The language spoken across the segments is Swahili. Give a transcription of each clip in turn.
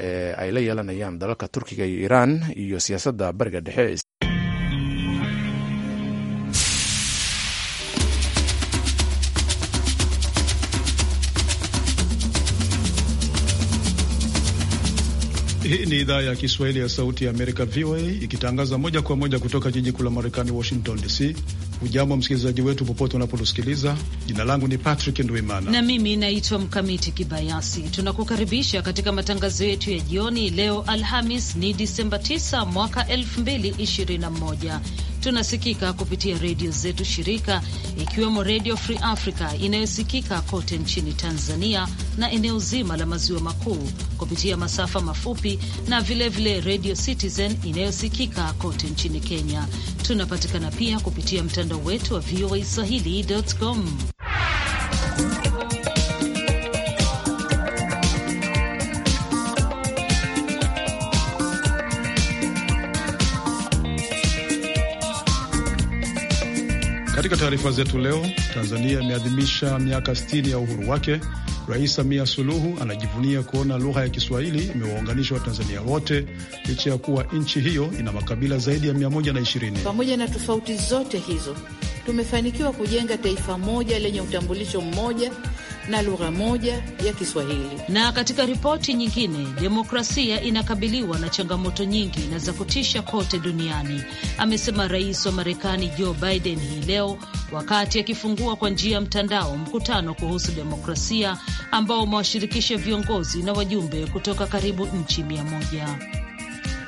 ee ay la yeelanayaan dalalka Turkiga iyo Iran iyo siyaasadda bariga dhexe. Hii ni idhaa ya Kiswahili ya Sauti ya Amerika, VOA, ikitangaza moja kwa moja kutoka jiji kuu la Marekani, Washington DC. Ujambo msikilizaji wetu popote unapotusikiliza. Jina langu ni Patrick Ndwimana na mimi naitwa Mkamiti Kibayasi. Tunakukaribisha katika matangazo yetu ya jioni leo. Alhamis ni Disemba 9 mwaka 2021. Tunasikika kupitia redio zetu shirika, ikiwemo Redio Free Africa inayosikika kote nchini Tanzania na eneo zima la maziwa makuu kupitia masafa mafupi na vilevile Redio Citizen inayosikika kote nchini Kenya. Tunapatikana pia kupitia mtandao wetu wa VOA swahili.com. Katika taarifa zetu leo, Tanzania imeadhimisha miaka 60 ya uhuru wake. Rais Samia Suluhu anajivunia kuona lugha ya Kiswahili imewaunganisha Watanzania wote licha ya kuwa nchi hiyo ina makabila zaidi ya 120. Pamoja na tofauti zote hizo, tumefanikiwa kujenga taifa moja lenye utambulisho mmoja na lugha moja ya Kiswahili. Na katika ripoti nyingine, demokrasia inakabiliwa na changamoto nyingi na za kutisha kote duniani, amesema rais wa Marekani Joe Biden hii leo wakati akifungua kwa njia ya mtandao mkutano kuhusu demokrasia ambao umewashirikisha viongozi na wajumbe kutoka karibu nchi mia moja.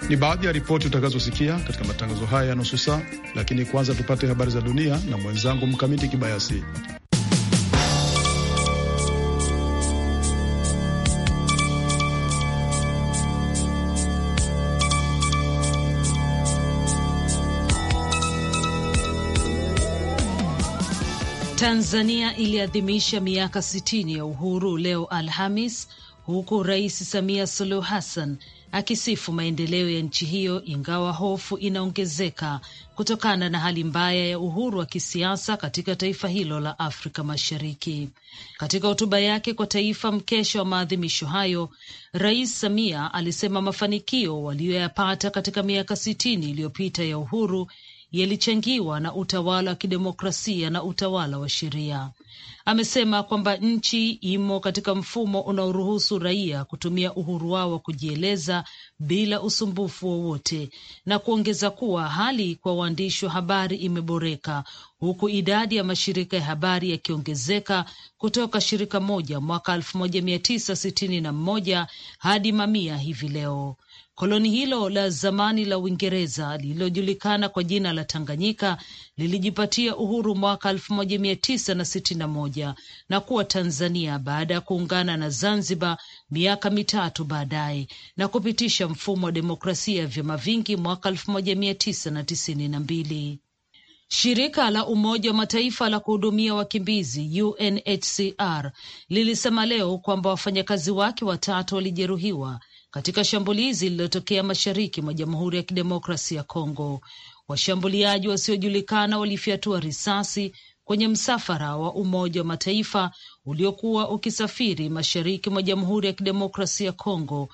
Ni baadhi ya ripoti utakazosikia katika matangazo haya ya nusu saa, lakini kwanza tupate habari za dunia na mwenzangu Mkamiti Kibayasi. Tanzania iliadhimisha miaka 60 ya uhuru leo Alhamis, huku Rais Samia Suluhu Hassan akisifu maendeleo ya nchi hiyo, ingawa hofu inaongezeka kutokana na hali mbaya ya uhuru wa kisiasa katika taifa hilo la Afrika Mashariki. Katika hotuba yake kwa taifa mkesha wa maadhimisho hayo, Rais Samia alisema mafanikio waliyoyapata katika miaka sitini iliyopita ya uhuru yalichangiwa na utawala wa kidemokrasia na utawala wa sheria. Amesema kwamba nchi imo katika mfumo unaoruhusu raia kutumia uhuru wao wa kujieleza bila usumbufu wowote, na kuongeza kuwa hali kwa waandishi wa habari imeboreka huku idadi ya mashirika ya habari yakiongezeka kutoka shirika moja mwaka 1961 hadi mamia hivi leo. Koloni hilo la zamani la Uingereza lililojulikana kwa jina la Tanganyika lilijipatia uhuru mwaka 1961 na kuwa Tanzania baada ya kuungana na Zanzibar miaka mitatu baadaye na kupitisha mfumo wa demokrasia ya vyama vingi mwaka 1992. Shirika la Umoja wa Mataifa la kuhudumia wakimbizi UNHCR lilisema leo kwamba wafanyakazi wake watatu walijeruhiwa katika shambulizi lililotokea mashariki mwa Jamhuri ya Kidemokrasi ya Kongo. Washambuliaji wasiojulikana walifyatua risasi kwenye msafara wa Umoja wa Mataifa uliokuwa ukisafiri mashariki mwa Jamhuri ya Kidemokrasi ya Kongo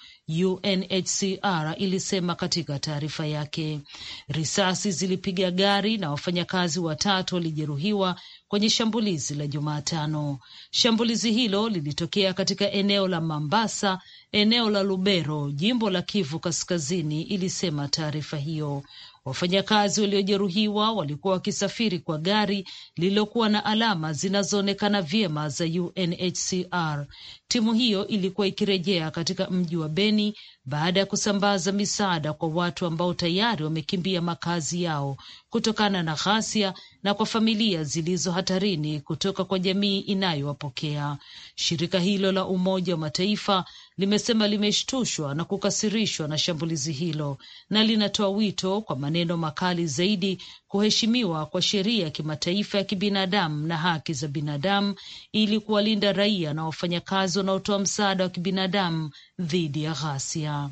UNHCR ilisema katika taarifa yake. Risasi zilipiga gari na wafanyakazi watatu walijeruhiwa kwenye shambulizi la Jumatano. Shambulizi hilo lilitokea katika eneo la Mambasa, eneo la Lubero, jimbo la Kivu Kaskazini, ilisema taarifa hiyo. Wafanyakazi waliojeruhiwa walikuwa wakisafiri kwa gari lililokuwa na alama zinazoonekana vyema za UNHCR. Timu hiyo ilikuwa ikirejea katika mji wa Beni baada ya kusambaza misaada kwa watu ambao tayari wamekimbia makazi yao kutokana na ghasia na kwa familia zilizo hatarini kutoka kwa jamii inayowapokea. Shirika hilo la Umoja wa Mataifa limesema limeshtushwa na kukasirishwa na shambulizi hilo na linatoa wito kwa maneno makali zaidi kuheshimiwa kwa sheria ya kimataifa ya kibinadamu na haki za binadamu ili kuwalinda raia na wafanyakazi wanaotoa msaada wa kibinadamu dhidi ya ghasia.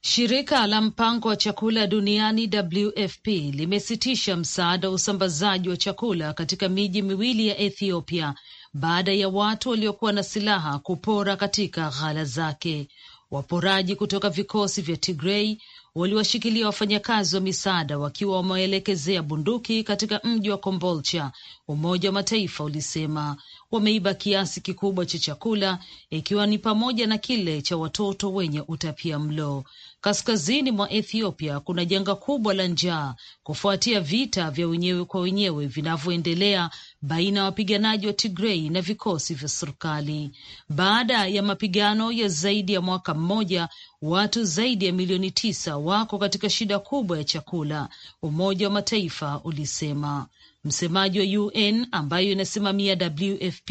Shirika la mpango wa chakula duniani WFP limesitisha msaada wa usambazaji wa chakula katika miji miwili ya Ethiopia baada ya watu waliokuwa na silaha kupora katika ghala zake. Waporaji kutoka vikosi vya Tigrei waliwashikilia wafanyakazi wa misaada wakiwa wamewaelekezea bunduki katika mji wa Kombolcha. Umoja wa Mataifa ulisema wameiba kiasi kikubwa cha chakula, ikiwa ni pamoja na kile cha watoto wenye utapia mlo. Kaskazini mwa Ethiopia kuna janga kubwa la njaa kufuatia vita vya wenyewe kwa wenyewe vinavyoendelea baina ya wapiganaji wa Tigrei na vikosi vya serikali. Baada ya mapigano ya zaidi ya mwaka mmoja, watu zaidi ya milioni tisa wako katika shida kubwa ya chakula, Umoja wa Mataifa ulisema. Msemaji wa UN ambayo inasimamia WFP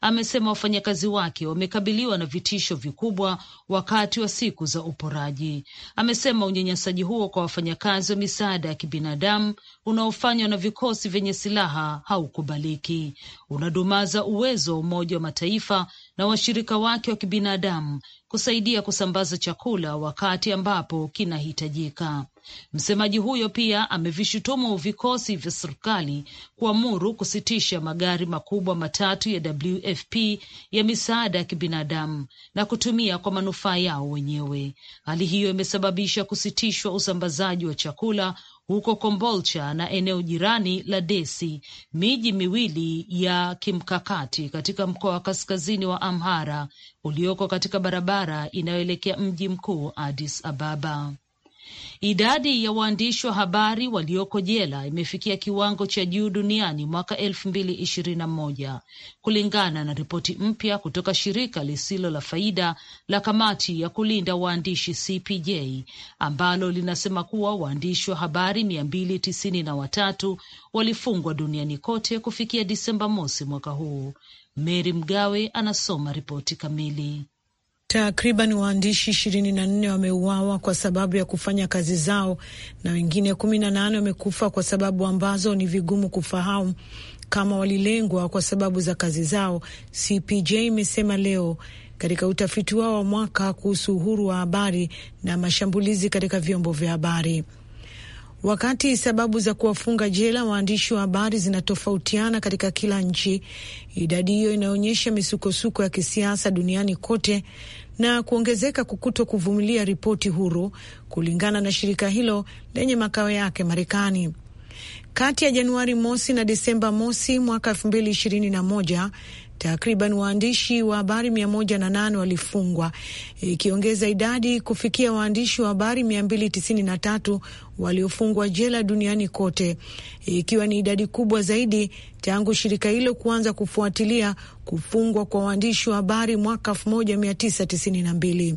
amesema wafanyakazi wake wamekabiliwa na vitisho vikubwa wakati wa siku za uporaji. Amesema unyanyasaji huo kwa wafanyakazi wa misaada ya kibinadamu unaofanywa na vikosi vyenye silaha haukubaliki, unadumaza uwezo wa Umoja wa Mataifa na washirika wake wa kibinadamu kusaidia kusambaza chakula wakati ambapo kinahitajika. Msemaji huyo pia amevishutumu vikosi vya serikali kuamuru kusitisha magari makubwa matatu ya WFP ya misaada ya kibinadamu na kutumia kwa manufaa yao wenyewe. Hali hiyo imesababisha kusitishwa usambazaji wa chakula huko Kombolcha na eneo jirani la Desi, miji miwili ya kimkakati katika mkoa wa kaskazini wa Amhara ulioko katika barabara inayoelekea mji mkuu Addis Ababa. Idadi ya waandishi wa habari walioko jela imefikia kiwango cha juu duniani mwaka elfu mbili ishirini na moja kulingana na ripoti mpya kutoka shirika lisilo la faida la kamati ya kulinda waandishi CPJ ambalo linasema kuwa waandishi wa habari mia mbili tisini na watatu walifungwa duniani kote kufikia Disemba mosi mwaka huu. mery Mgawe anasoma ripoti kamili. Takriban waandishi nne wameuawa kwa sababu ya kufanya kazi zao na wengine nane wamekufa kwa sababu ambazo ni vigumu kufahamu kama walilengwa kwa sababu za kazi zao, CPJ imesema leo katika utafiti wao wa mwaka kuhusu uhuru wa habari na mashambulizi katika vyombo vya habari. Wakati sababu za kuwafunga jela waandishi wa habari zinatofautiana katika kila nchi, idadi hiyo inaonyesha misukosuko ya kisiasa duniani kote na kuongezeka kukuto kuvumilia ripoti huru, kulingana na shirika hilo lenye makao yake Marekani. Kati ya Januari mosi na Desemba mosi mwaka elfu mbili ishirini na moja Takriban waandishi wa habari mia moja na nane walifungwa ikiongeza idadi kufikia waandishi wa habari mia mbili tisini na tatu waliofungwa jela duniani kote, ikiwa ni idadi kubwa zaidi tangu shirika hilo kuanza kufuatilia kufungwa kwa waandishi wa habari mwaka 1992.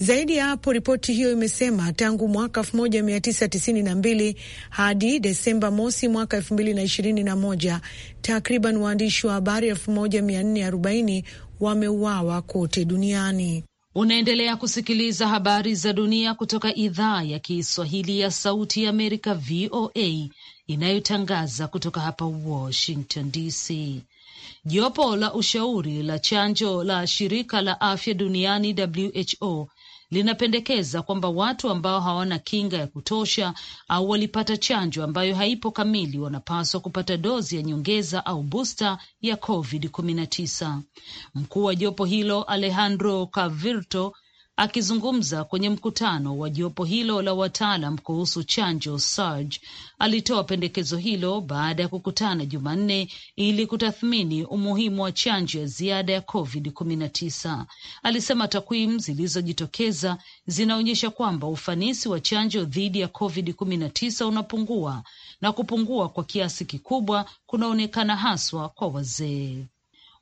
Zaidi ya hapo, ripoti hiyo imesema tangu mwaka 1992 hadi Desemba mosi mwaka 2021 takriban waandishi wa habari 1440 wameuawa kote duniani. Unaendelea kusikiliza habari za dunia kutoka idhaa ya Kiswahili ya Sauti ya Amerika, VOA, inayotangaza kutoka hapa Washington DC. Jopo la ushauri la chanjo la shirika la afya duniani WHO linapendekeza kwamba watu ambao hawana kinga ya kutosha au walipata chanjo ambayo haipo kamili wanapaswa kupata dozi ya nyongeza au busta ya COVID-19. Mkuu wa jopo hilo Alejandro Cavirto Akizungumza kwenye mkutano wa jopo hilo la wataalam kuhusu chanjo surge alitoa pendekezo hilo baada ya kukutana Jumanne ili kutathmini umuhimu wa chanjo ya ziada ya COVID-19. Alisema takwimu zilizojitokeza zinaonyesha kwamba ufanisi wa chanjo dhidi ya COVID-19 unapungua na kupungua kwa kiasi kikubwa kunaonekana haswa kwa wazee.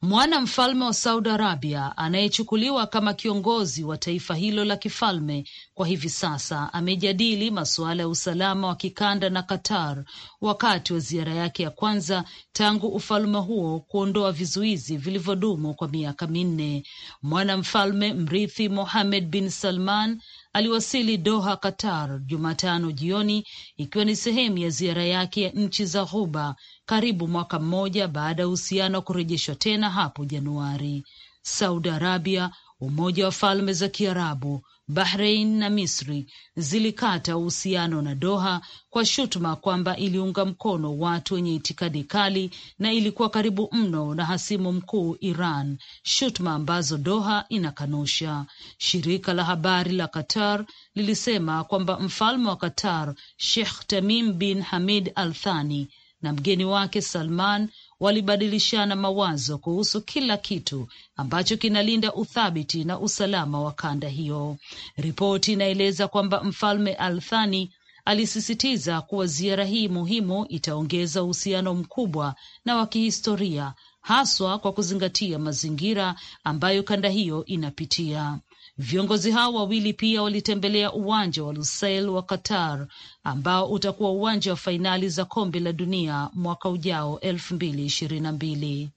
Mwana mfalme wa Saudi Arabia anayechukuliwa kama kiongozi wa taifa hilo la kifalme kwa hivi sasa amejadili masuala ya usalama wa kikanda na Qatar wakati wa ziara yake ya kwanza tangu ufalme huo kuondoa vizuizi vilivyodumu kwa miaka minne. Mwanamfalme mrithi Mohammed bin Salman aliwasili Doha, Qatar Jumatano jioni, ikiwa ni sehemu ya ziara yake ya nchi za Ghuba karibu mwaka mmoja baada ya uhusiano wa kurejeshwa tena hapo Januari. Saudi Arabia, Umoja wa Falme za Kiarabu, bahrein na Misri zilikata uhusiano na Doha kwa shutuma kwamba iliunga mkono watu wenye itikadi kali na ilikuwa karibu mno na hasimu mkuu Iran, shutuma ambazo Doha inakanusha. Shirika la habari la Qatar lilisema kwamba mfalme wa Qatar Sheikh Tamim bin Hamid Al Thani na mgeni wake Salman walibadilishana mawazo kuhusu kila kitu ambacho kinalinda uthabiti na usalama wa kanda hiyo. Ripoti inaeleza kwamba Mfalme Al Thani alisisitiza kuwa ziara hii muhimu itaongeza uhusiano mkubwa na wa kihistoria haswa kwa kuzingatia mazingira ambayo kanda hiyo inapitia. Viongozi hao wawili pia walitembelea uwanja wa Lusail wa Qatar ambao utakuwa uwanja wa fainali za kombe la dunia mwaka ujao elfu mbili ishirini na mbili.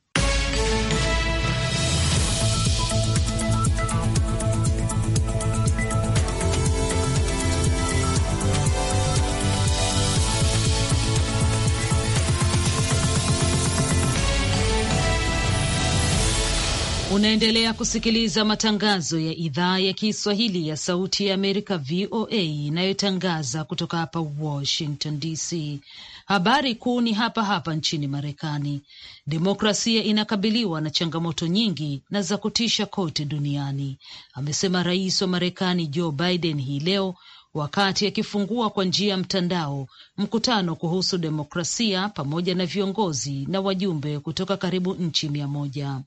Unaendelea kusikiliza matangazo ya idhaa ya Kiswahili ya Sauti ya Amerika, VOA, inayotangaza kutoka hapa Washington DC. Habari kuu ni hapa hapa nchini Marekani. Demokrasia inakabiliwa na changamoto nyingi na za kutisha kote duniani, amesema rais wa Marekani Joe Biden hii leo wakati akifungua kwa njia ya mtandao mkutano kuhusu demokrasia pamoja na viongozi na wajumbe kutoka karibu nchi mia moja.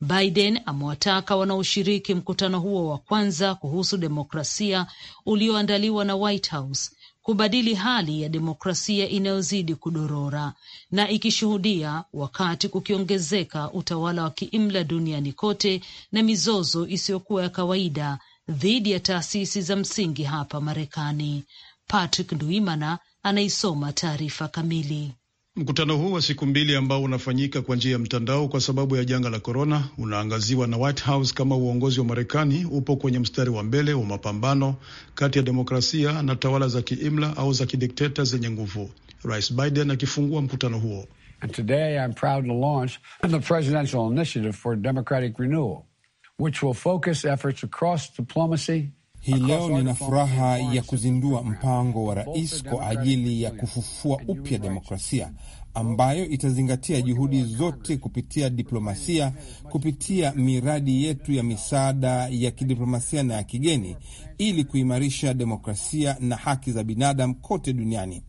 Biden amewataka wanaoshiriki mkutano huo wa kwanza kuhusu demokrasia ulioandaliwa na White House kubadili hali ya demokrasia inayozidi kudorora na ikishuhudia wakati kukiongezeka utawala wa kiimla duniani kote na mizozo isiyokuwa ya kawaida dhidi ya taasisi za msingi hapa Marekani. Patrick Ndwimana anaisoma taarifa kamili. Mkutano huu wa siku mbili ambao unafanyika kwa njia ya mtandao kwa sababu ya janga la korona unaangaziwa na White House kama uongozi wa Marekani upo kwenye mstari wa mbele wa mapambano kati ya demokrasia na tawala za kiimla au za kidikteta zenye nguvu. Rais Biden akifungua mkutano huo. And today I'm proud to launch the presidential initiative for democratic renewal which will focus efforts across diplomacy. Hii leo nina furaha ya kuzindua mpango wa rais kwa ajili ya kufufua upya demokrasia ambayo itazingatia juhudi zote kupitia diplomasia, kupitia miradi yetu ya misaada ya kidiplomasia na ya kigeni, ili kuimarisha demokrasia na haki za binadamu kote duniani.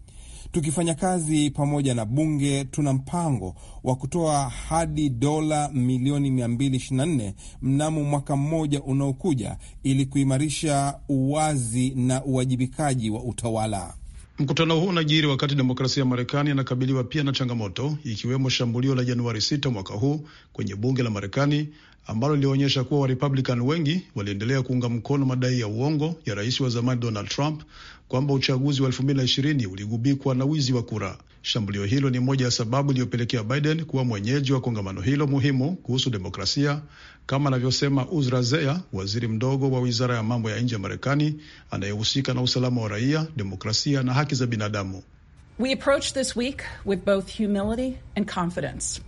Tukifanya kazi pamoja na bunge, tuna mpango wa kutoa hadi dola milioni 224 mnamo mwaka mmoja unaokuja ili kuimarisha uwazi na uwajibikaji wa utawala. Mkutano huu unajiri wakati demokrasia ya Marekani inakabiliwa pia na changamoto ikiwemo shambulio la Januari 6 mwaka huu kwenye bunge la Marekani ambalo lilionyesha kuwa Warepublican wengi waliendelea kuunga mkono madai ya uongo ya rais wa zamani Donald Trump kwamba uchaguzi wa 2020 uligubikwa na wizi wa kura. Shambulio hilo ni moja ya sababu iliyopelekea Biden kuwa mwenyeji wa kongamano hilo muhimu kuhusu demokrasia, kama anavyosema Uzra Zeya, waziri mdogo wa wizara ya mambo ya nje ya Marekani anayehusika na usalama wa raia, demokrasia na haki za binadamu. We approach this week with both humility and confidence.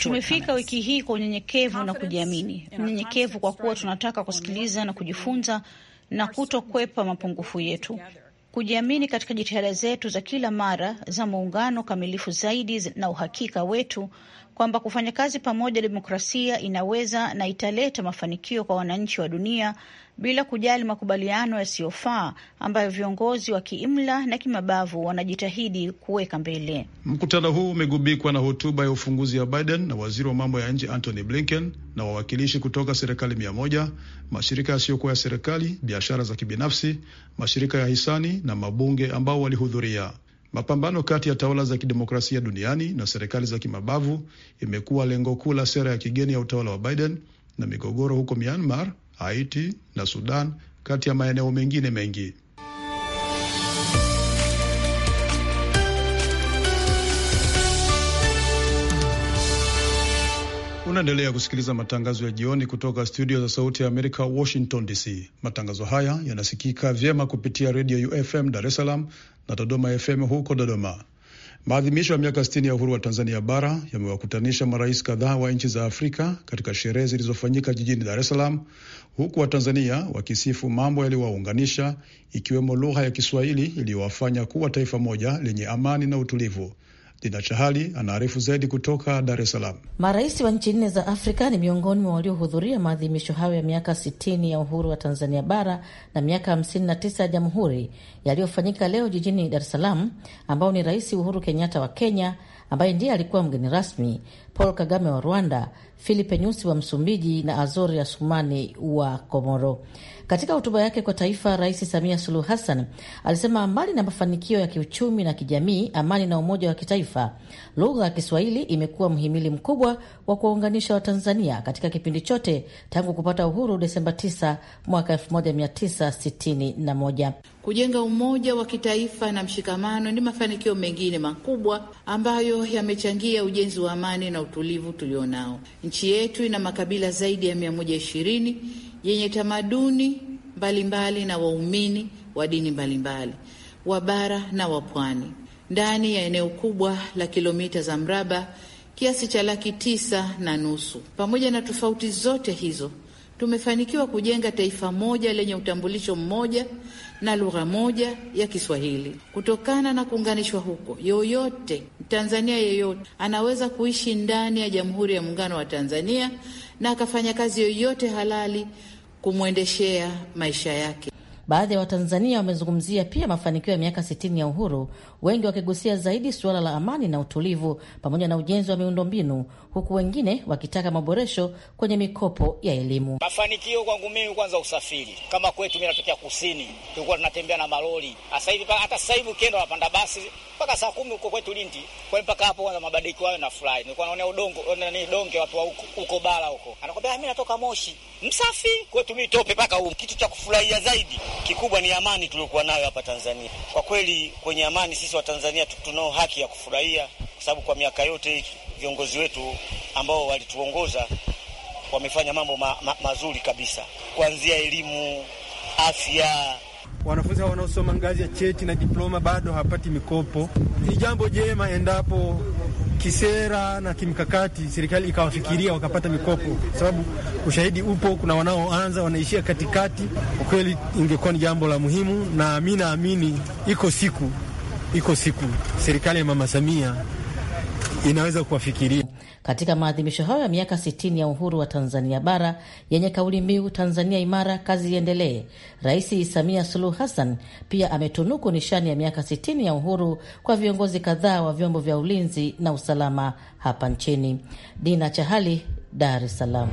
Tumefika wiki hii kwa unyenyekevu na kujiamini, unyenyekevu kwa kuwa tunataka kusikiliza na kujifunza na kutokwepa mapungufu yetu, kujiamini katika jitihada zetu za kila mara za muungano kamilifu zaidi na uhakika wetu kwamba kufanya kazi pamoja, demokrasia inaweza na italeta mafanikio kwa wananchi wa dunia bila kujali makubaliano yasiyofaa ambayo viongozi wa kiimla na kimabavu wanajitahidi kuweka mbele. Mkutano huu umegubikwa na hotuba ya ufunguzi ya Biden na waziri wa mambo ya nje Antony Blinken na wawakilishi kutoka serikali mia moja, mashirika yasiyokuwa ya serikali, biashara za kibinafsi, mashirika ya hisani na mabunge ambao walihudhuria. Mapambano kati ya tawala za kidemokrasia duniani na serikali za kimabavu imekuwa lengo kuu la sera ya kigeni ya utawala wa Biden na migogoro huko Myanmar, Haiti na Sudan kati ya maeneo mengine mengi. Unaendelea kusikiliza matangazo ya jioni kutoka studio za Sauti ya Amerika, Washington DC. Matangazo haya yanasikika vyema kupitia redio UFM Dar es Salaam na Dodoma FM huko Dodoma. Maadhimisho ya miaka 60 ya uhuru wa Tanzania bara yamewakutanisha marais kadhaa wa nchi za Afrika katika sherehe zilizofanyika jijini Dar es Salaam, huku Watanzania wakisifu mambo yaliyowaunganisha ikiwemo lugha ya Kiswahili iliyowafanya kuwa taifa moja lenye amani na utulivu. Dina Chahali anaarifu zaidi kutoka Dar es Salaam. Marais wa nchi nne za Afrika ni miongoni mwa waliohudhuria maadhimisho hayo ya miaka 60 ya uhuru wa Tanzania bara na miaka 59 ya jamhuri yaliyofanyika leo jijini Dar es Salaam, ambao ni Rais Uhuru Kenyatta wa Kenya, ambaye ndiye alikuwa mgeni rasmi, Paul Kagame wa Rwanda, Filipe Nyusi wa Msumbiji na Azori Asumani wa Komoro. Katika hotuba yake kwa taifa, Rais Samia Suluhu Hassan alisema mbali na mafanikio ya kiuchumi na kijamii, amani na umoja wa kitaifa, lugha ya Kiswahili imekuwa mhimili mkubwa wa kuwaunganisha Watanzania katika kipindi chote tangu kupata uhuru Desemba 9 mwaka 1961. Kujenga umoja wa kitaifa na mshikamano ni mafanikio mengine makubwa ambayo yamechangia ujenzi wa amani na utulivu tulionao. Nchi yetu ina makabila zaidi ya 120 yenye tamaduni mbalimbali mbali na waumini wa dini mbalimbali wa bara na wa pwani ndani ya eneo kubwa la kilomita za mraba kiasi cha laki tisa na nusu. Pamoja na tofauti zote hizo, tumefanikiwa kujenga taifa moja lenye utambulisho mmoja na lugha moja ya Kiswahili. Kutokana na kuunganishwa huko, yoyote Tanzania yeyote anaweza kuishi ndani ya Jamhuri ya Muungano wa Tanzania na akafanya kazi yoyote halali kumwendeshea maisha yake. Baadhi ya Watanzania wamezungumzia pia mafanikio ya miaka 6 ya uhuru wengi wakigusia zaidi suala la amani na utulivu pamoja na ujenzi wa miundombinu, huku wengine wakitaka maboresho kwenye mikopo ya elimu. Mafanikio kwangu mimi, kwanza usafiri. Kama kwetu, mi natokea kusini, tulikuwa tunatembea na malori. Sasa hivi hata sasa hivi ukienda unapanda basi mpaka saa kumi huko kwetu Lindi, kwa mpaka hapo. Kwanza mabadiliko hayo na nafurahi. Nilikuwa naonea udongo ni donge watu wa huko bara huko, anakwambia ah, mi natoka Moshi msafi kwetu, mi tope mpaka huko. Kitu cha kufurahia zaidi kikubwa ni amani tuliokuwa nayo hapa Tanzania. Kwa kweli kwenye amani sisi wa Watanzania tunao haki ya kufurahia, kwa sababu kwa miaka yote viongozi wetu ambao walituongoza wamefanya mambo ma, ma, mazuri kabisa, kuanzia elimu, afya wanafunzi hao wanaosoma ngazi ya cheti na diploma bado hawapati mikopo. Ni jambo jema endapo kisera na kimkakati serikali ikawafikiria wakapata mikopo, sababu ushahidi upo, kuna wanaoanza wanaishia katikati. Kwa kweli ingekuwa ni jambo la muhimu, na mi naamini iko siku iko siku serikali ya Mama Samia inaweza kuwafikiria. Katika maadhimisho hayo ya miaka 60 ya uhuru wa Tanzania bara yenye kauli mbiu Tanzania imara, kazi iendelee, Rais Samia Suluhu Hassan pia ametunuku nishani ya miaka 60 ya uhuru kwa viongozi kadhaa wa vyombo vya ulinzi na usalama hapa nchini. Dina Chahali, Dar es Salaam.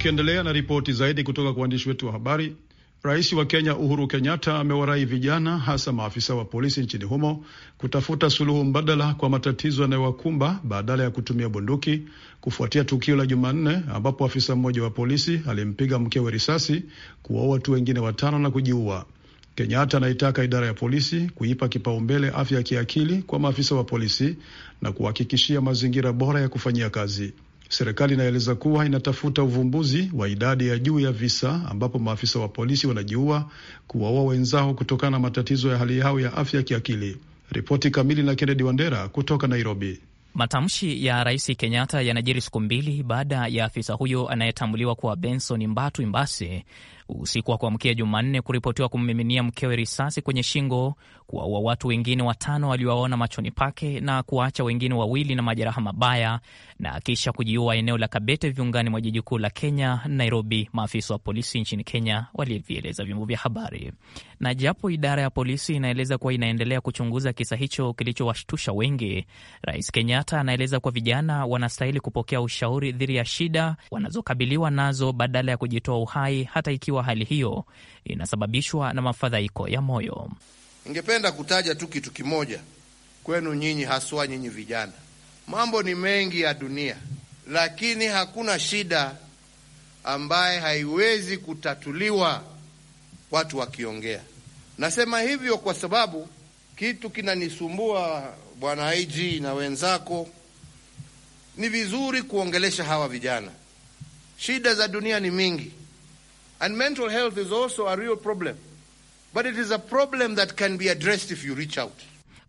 Tukiendelea na ripoti zaidi kutoka kwa waandishi wetu wa habari, rais wa Kenya Uhuru Kenyatta amewarai vijana, hasa maafisa wa polisi nchini humo, kutafuta suluhu mbadala kwa matatizo yanayowakumba badala ya kutumia bunduki, kufuatia tukio la Jumanne ambapo afisa mmoja wa polisi alimpiga mkewe risasi, kuwaua watu wengine watano na kujiua. Kenyatta anaitaka idara ya polisi kuipa kipaumbele afya ya kiakili kwa maafisa wa polisi na kuhakikishia mazingira bora ya kufanyia kazi. Serikali inaeleza kuwa inatafuta uvumbuzi wa idadi ya juu ya visa ambapo maafisa wa polisi wanajiua kuwaua wenzao kutokana na matatizo ya hali yao ya afya kiakili. Ripoti kamili na Kennedy Wandera kutoka Nairobi. Matamshi ya Rais Kenyatta yanajiri siku mbili baada ya afisa huyo anayetambuliwa kuwa Benson Mbatu Imbasi usiku wa kuamkia Jumanne kuripotiwa kummiminia mkewe risasi kwenye shingo, kuwaua watu wengine watano waliowaona machoni pake na kuwaacha wengine wawili na majeraha mabaya, na kisha kujiua eneo la Kabete, viungani mwa jiji kuu la Kenya, Nairobi, maafisa wa polisi nchini Kenya walivyoeleza vyombo vya habari. Na japo idara ya polisi inaeleza kuwa inaendelea kuchunguza kisa hicho kilichowashtusha wengi, Rais Kenyatta anaeleza kuwa vijana wanastahili kupokea ushauri dhidi ya shida wanazokabiliwa nazo badala ya kujitoa uhai hata ikiwa kuwa hali hiyo inasababishwa na mafadhaiko ya moyo. Ningependa kutaja tu kitu kimoja kwenu nyinyi, haswa nyinyi vijana. Mambo ni mengi ya dunia, lakini hakuna shida ambaye haiwezi kutatuliwa watu wakiongea. Nasema hivyo kwa sababu kitu kinanisumbua bwana IG na wenzako, ni vizuri kuongelesha hawa vijana. Shida za dunia ni mingi, And mental health is also a real problem. But it is a problem that can be addressed if you reach out.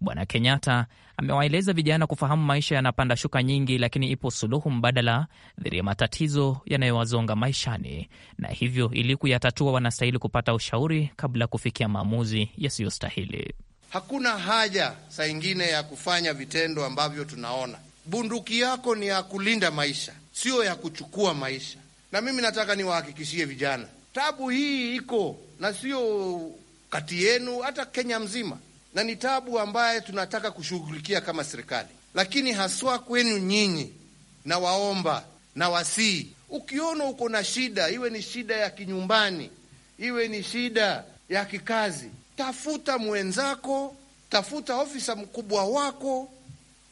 Bwana Kenyatta amewaeleza vijana kufahamu maisha yanapanda shuka nyingi, lakini ipo suluhu mbadala dhidi ya matatizo yanayowazonga maishani, na hivyo ili kuyatatua wanastahili kupata ushauri kabla kufikia maamuzi yasiyostahili. Hakuna haja saa ingine ya kufanya vitendo ambavyo tunaona. Bunduki yako ni ya kulinda maisha, siyo ya kuchukua maisha. Na mimi nataka niwahakikishie vijana Tabu hii iko na sio kati yenu, hata Kenya mzima, na ni tabu ambaye tunataka kushughulikia kama serikali, lakini haswa kwenu nyinyi, na waomba na wasii, ukiona uko na shida, iwe ni shida ya kinyumbani, iwe ni shida ya kikazi, tafuta mwenzako, tafuta ofisa mkubwa wako,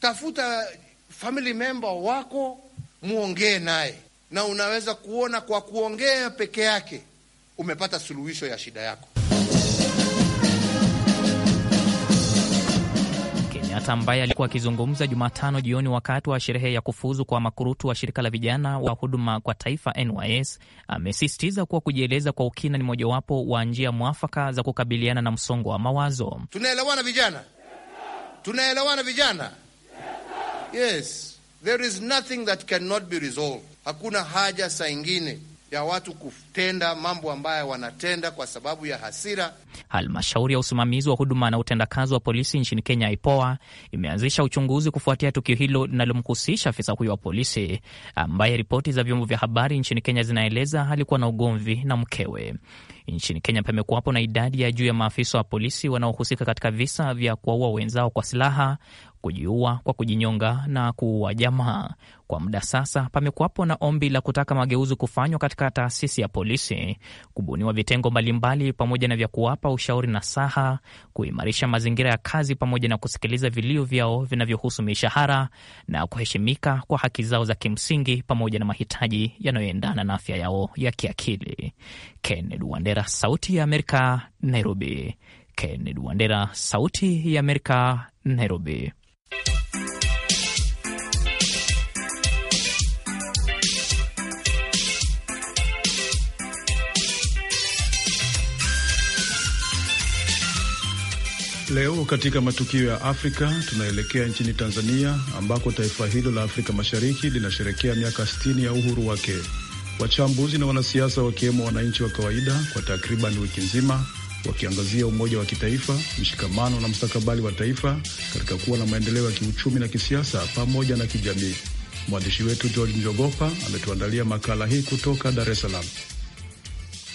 tafuta family member wako, muongee naye, na unaweza kuona kwa kuongea peke yake umepata suluhisho ya shida yako. Kenyatta ambaye alikuwa akizungumza Jumatano jioni wakati wa sherehe ya kufuzu kwa makurutu wa shirika la vijana wa huduma kwa taifa NYS amesisitiza kuwa kujieleza kwa ukina ni mojawapo wa njia mwafaka za kukabiliana na msongo wa mawazo. Tunaelewana vijana, tunaelewana vijana. Yes, there is nothing that cannot be resolved. Hakuna haja saa ingine ya watu kutenda mambo ambayo wanatenda kwa sababu ya hasira. Halmashauri ya usimamizi wa huduma na utendakazi wa polisi nchini Kenya, IPOA, imeanzisha uchunguzi kufuatia tukio hilo linalomhusisha afisa huyo wa polisi ambaye ripoti za vyombo vya habari nchini Kenya zinaeleza alikuwa na ugomvi na mkewe. Nchini Kenya pamekuwapo na idadi ya juu ya maafisa wa polisi wanaohusika katika visa vya kuwaua wenzao kwa silaha, kujiua kwa kujinyonga na kuua jamaa. Kwa muda sasa, pamekuwapo na ombi la kutaka mageuzi kufanywa katika taasisi ya polisi, kubuniwa vitengo mbalimbali pamoja na vya kuwapa ushauri na saha, kuimarisha mazingira ya kazi pamoja na kusikiliza vilio vyao vinavyohusu mishahara na kuheshimika kwa haki zao za kimsingi pamoja na mahitaji yanayoendana na afya yao ya kiakili. Kennedy Wandera, Sauti ya Amerika, Nairobi. Kennedy Wandera, Sauti ya Amerika, Nairobi. Leo katika matukio ya Afrika tunaelekea nchini Tanzania ambako taifa hilo la Afrika Mashariki linasherekea miaka 60 ya uhuru wake. Wachambuzi na wanasiasa wakiwemo wananchi wa kawaida kwa takriban wiki nzima wakiangazia umoja wa kitaifa, mshikamano na mustakabali wa taifa katika kuwa na maendeleo ya kiuchumi na kisiasa pamoja na kijamii. Mwandishi wetu George Njogopa ametuandalia makala hii kutoka Dar es Salaam.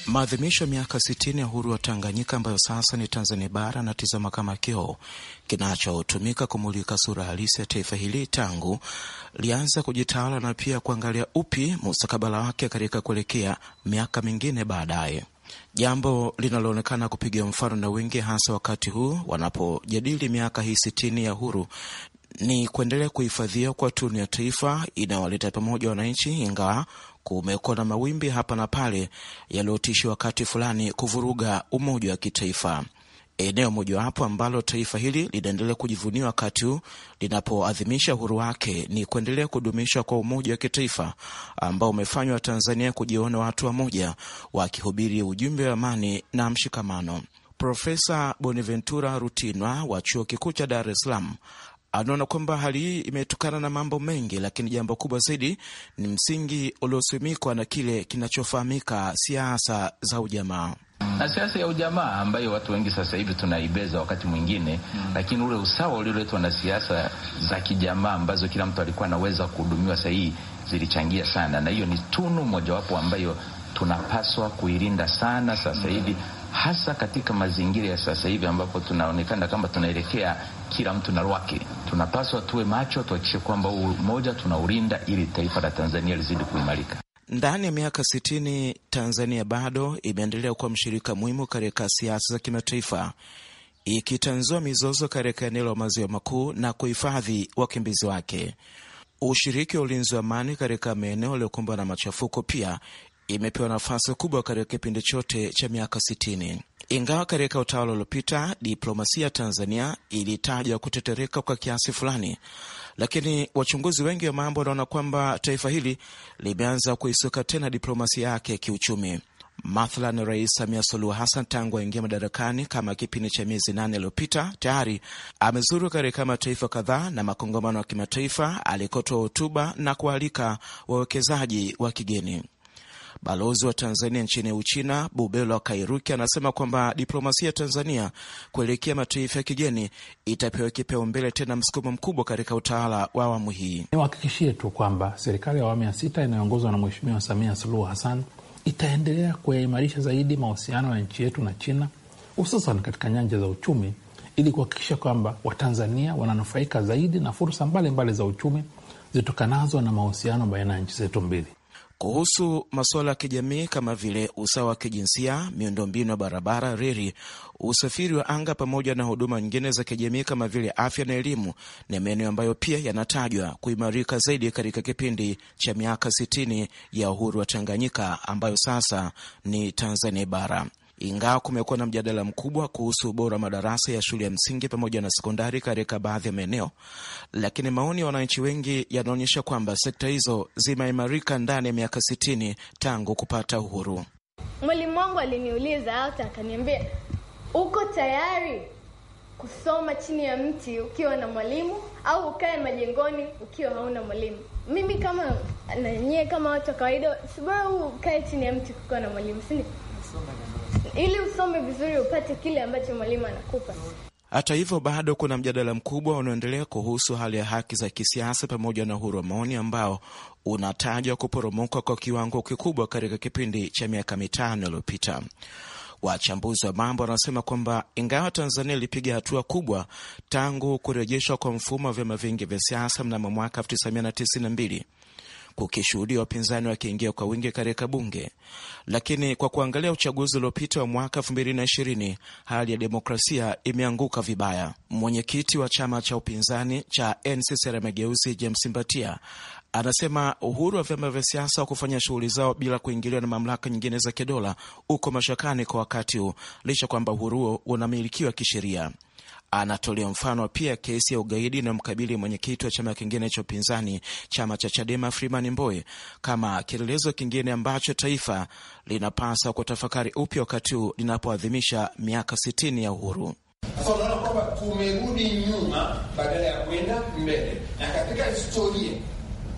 Maadhimisho ya miaka 60 ya uhuru wa Tanganyika ambayo sasa ni Tanzania bara anatizama kama kioo kinachotumika kumulika sura halisi ya taifa hili tangu lianza kujitawala na pia kuangalia upi mustakabala wake katika kuelekea miaka mingine baadaye, jambo linaloonekana kupiga mfano na wengi, hasa wakati huu wanapojadili miaka hii sitini ya uhuru ni kuendelea kuhifadhiwa kwa tunu ya taifa inayowaleta pamoja wananchi, ingawa kumekuwa na mawimbi hapa na pale yaliyotishia wakati fulani kuvuruga umoja wa kitaifa. Eneo mojawapo ambalo taifa hili linaendelea kujivunia wakati huu linapoadhimisha uhuru wake ni kuendelea kudumisha kwa umoja wa kitaifa ambao umefanywa Tanzania kujiona watu wamoja, wakihubiri ujumbe wa amani na mshikamano. Profesa Bonaventura Rutinwa wa chuo kikuu cha Dar es Salaam anaona ah, kwamba hali hii imetokana na mambo mengi, lakini jambo kubwa zaidi ni msingi uliosimikwa na kile kinachofahamika siasa za ujamaa na siasa ya ujamaa ambayo watu wengi sasa hivi tunaibeza wakati mwingine mm. Lakini ule usawa ulioletwa na siasa za kijamaa ambazo kila mtu alikuwa anaweza kuhudumiwa sahihi, zilichangia sana, na hiyo ni tunu mojawapo ambayo tunapaswa kuilinda sana sasa hmm. hivi mm hasa katika mazingira ya sasa hivi ambapo tunaonekana kama tunaelekea kila mtu na lwake. Tunapaswa tuwe macho, tuhakikishe kwamba umoja tunaulinda ili taifa la Tanzania lizidi kuimarika. Ndani ya miaka sitini Tanzania bado imeendelea kuwa mshirika muhimu katika siasa za kimataifa, ikitanzua mizozo katika eneo la maziwa makuu na kuhifadhi wakimbizi wake. Ushiriki wa ulinzi wa amani katika maeneo yaliyokumbwa na machafuko pia imepewa nafasi kubwa katika kipindi chote cha miaka 60 ingawa katika utawala uliopita diplomasia ya Tanzania ilitajwa kutetereka kwa kiasi fulani, lakini wachunguzi wengi wa mambo wanaona kwamba taifa hili limeanza kuisuka tena diplomasia yake ya kiuchumi. Mathalan, Rais Samia Suluhu Hassan tangu aingia madarakani kama kipindi cha miezi nane iliyopita tayari amezuru katika mataifa kadhaa na makongamano ya kimataifa alikotoa hotuba na kualika wawekezaji wa kigeni. Balozi wa Tanzania nchini Uchina Bubelwa Kairuki anasema kwamba diplomasia ya Tanzania kuelekea mataifa ya kigeni itapewa kipaumbele tena msukumo mkubwa katika utawala wa awamu hii. Niwahakikishie tu kwamba serikali ya awamu ya sita inayoongozwa na Mheshimiwa Samia Suluhu Hassan itaendelea kuyaimarisha zaidi mahusiano ya nchi yetu na China, hususan katika nyanja za uchumi, ili kuhakikisha kwamba Watanzania wananufaika zaidi na fursa mbalimbali za uchumi zitokanazo na mahusiano baina ya nchi zetu mbili kuhusu masuala ya kijamii kama vile usawa wa kijinsia, miundombinu ya barabara, reli, usafiri wa anga, pamoja na huduma nyingine za kijamii kama vile afya na elimu, ni maeneo ambayo pia yanatajwa kuimarika zaidi katika kipindi cha miaka 60 ya uhuru wa Tanganyika ambayo sasa ni Tanzania bara. Ingawa kumekuwa na mjadala mkubwa kuhusu ubora wa madarasa ya shule ya msingi pamoja na sekondari katika baadhi ya maeneo, lakini maoni ya wananchi wengi yanaonyesha kwamba sekta hizo zimeimarika ndani ya miaka sitini tangu kupata uhuru. Mwalimu wangu aliniuliza hata akaniambia, uko tayari kusoma chini ya mti ukiwa na mwalimu au ukae majengoni ukiwa hauna mwalimu? Mimi kama nanyie, kama watu wa kawaida, sibora huu ukae chini ya mti ukiwa na mwalimu, si ili usome vizuri upate kile ambacho mwalimu anakupa. Hata hivyo bado kuna mjadala mkubwa unaoendelea kuhusu hali ya haki za kisiasa pamoja na uhuru wa maoni ambao unatajwa kuporomoka kwa kiwango kikubwa katika kipindi cha miaka mitano iliyopita. Wachambuzi wa mambo wanasema kwamba ingawa Tanzania ilipiga hatua kubwa tangu kurejeshwa kwa mfumo wa vyama vingi vya siasa mnamo mwaka 1992 kukishuhudia wapinzani wakiingia kwa wingi katika bunge. Lakini kwa kuangalia uchaguzi uliopita wa mwaka 2020 hali ya demokrasia imeanguka vibaya. Mwenyekiti wa chama cha upinzani cha NCCR Mageuzi, James Mbatia anasema uhuru wa vyama vya siasa wa kufanya shughuli zao bila kuingiliwa na mamlaka nyingine za kidola uko mashakani kwa wakati huu, licha kwamba uhuru huo unamilikiwa kisheria. Anatolea mfano pia kesi ya ugaidi inayomkabili mwenyekiti wa chama kingine cha upinzani, chama cha Chadema, Freeman Mbowe, kama kielelezo kingine ambacho taifa linapasa kutafakari upya wakati huu linapoadhimisha miaka sitini ya uhuru. Sasa unaona kwamba tumerudi nyuma badala ya kwenda mbele, na katika historia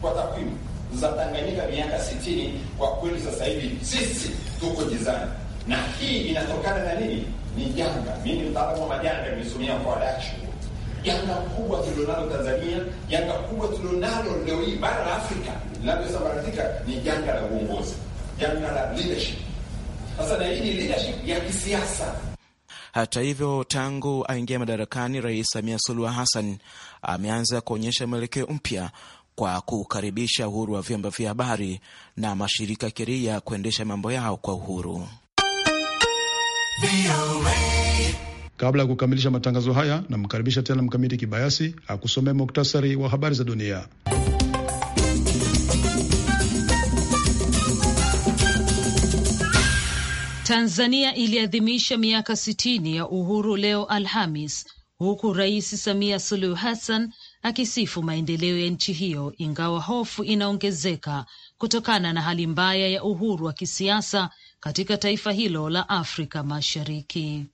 kwa takwimu za Tanganyika miaka sitini, kwa kweli sasa hivi sisi tuko gizani, na hii inatokana na nini? ni janga. Mimi ni mtaalamu wa majanga, nimesomea kwa Janga kubwa tulionalo Tanzania, janga kubwa tulionalo leo hii bara la Afrika linavyosambaratika ni janga la uongozi, janga la leadership. Sasa na hii ni leadership ya kisiasa. Hata hivyo, tangu aingia madarakani, Rais Samia Suluhu Hassan ameanza kuonyesha mwelekeo mpya kwa kukaribisha uhuru wa vyomba vya habari na mashirika ya kiraia kuendesha mambo yao kwa uhuru. Kabla ya kukamilisha matangazo haya, namkaribisha tena Mkamiti Kibayasi akusomea muktasari wa habari za dunia. Tanzania iliadhimisha miaka sitini ya uhuru leo Alhamis, huku Rais Samia Suluhu Hassan akisifu maendeleo ya nchi hiyo, ingawa hofu inaongezeka kutokana na hali mbaya ya uhuru wa kisiasa katika taifa hilo la Afrika Mashariki.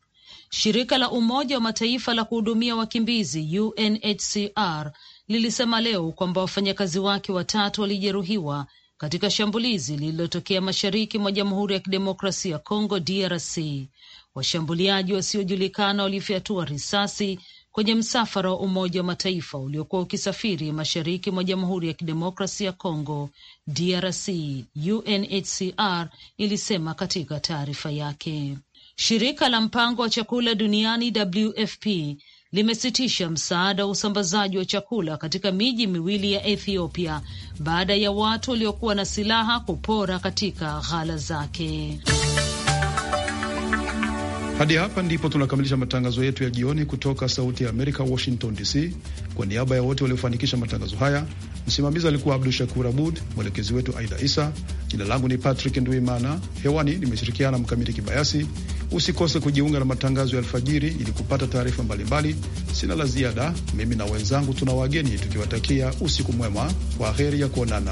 Shirika la Umoja wa Mataifa la kuhudumia wakimbizi UNHCR lilisema leo kwamba wafanyakazi wake watatu walijeruhiwa katika shambulizi lililotokea mashariki mwa Jamhuri ya Kidemokrasia ya Kongo DRC. Washambuliaji wasiojulikana walifyatua risasi kwenye msafara wa Umoja wa Mataifa uliokuwa ukisafiri mashariki mwa Jamhuri ya Kidemokrasi ya congo DRC, UNHCR ilisema katika taarifa yake. Shirika la mpango wa chakula duniani WFP limesitisha msaada wa usambazaji wa chakula katika miji miwili ya Ethiopia baada ya watu waliokuwa na silaha kupora katika ghala zake. Hadi hapa ndipo tunakamilisha matangazo yetu ya jioni kutoka Sauti ya Amerika, Washington DC. Kwa niaba ya wote waliofanikisha matangazo haya, msimamizi alikuwa Abdu Shakur Abud, mwelekezi wetu Aida Isa. Jina langu ni Patrick Ndwimana, hewani nimeshirikiana Mkamiti Kibayasi. Usikose kujiunga na matangazo ya alfajiri ili kupata taarifa mbalimbali. Sina la ziada, mimi na wenzangu tuna wageni tukiwatakia usiku mwema. Kwa heri ya kuonana.